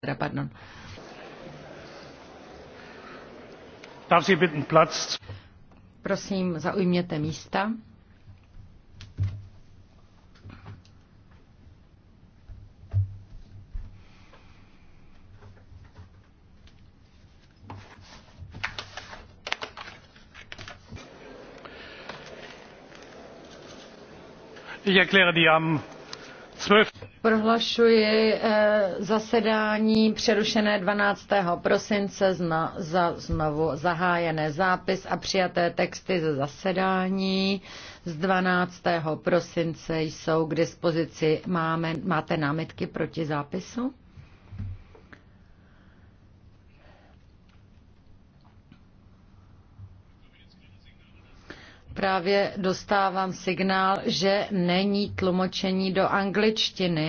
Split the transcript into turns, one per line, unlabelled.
teda, pardon. Prosím, zaujměte místa.
Ich erkläre die am
Prohlašuji eh, zasedání přerušené 12. prosince zna, za znovu zahájené zápis a přijaté texty ze zasedání z 12. prosince jsou k dispozici. Máme, máte námitky proti zápisu? Právě dostávám signál, že není tlumočení do angličtiny.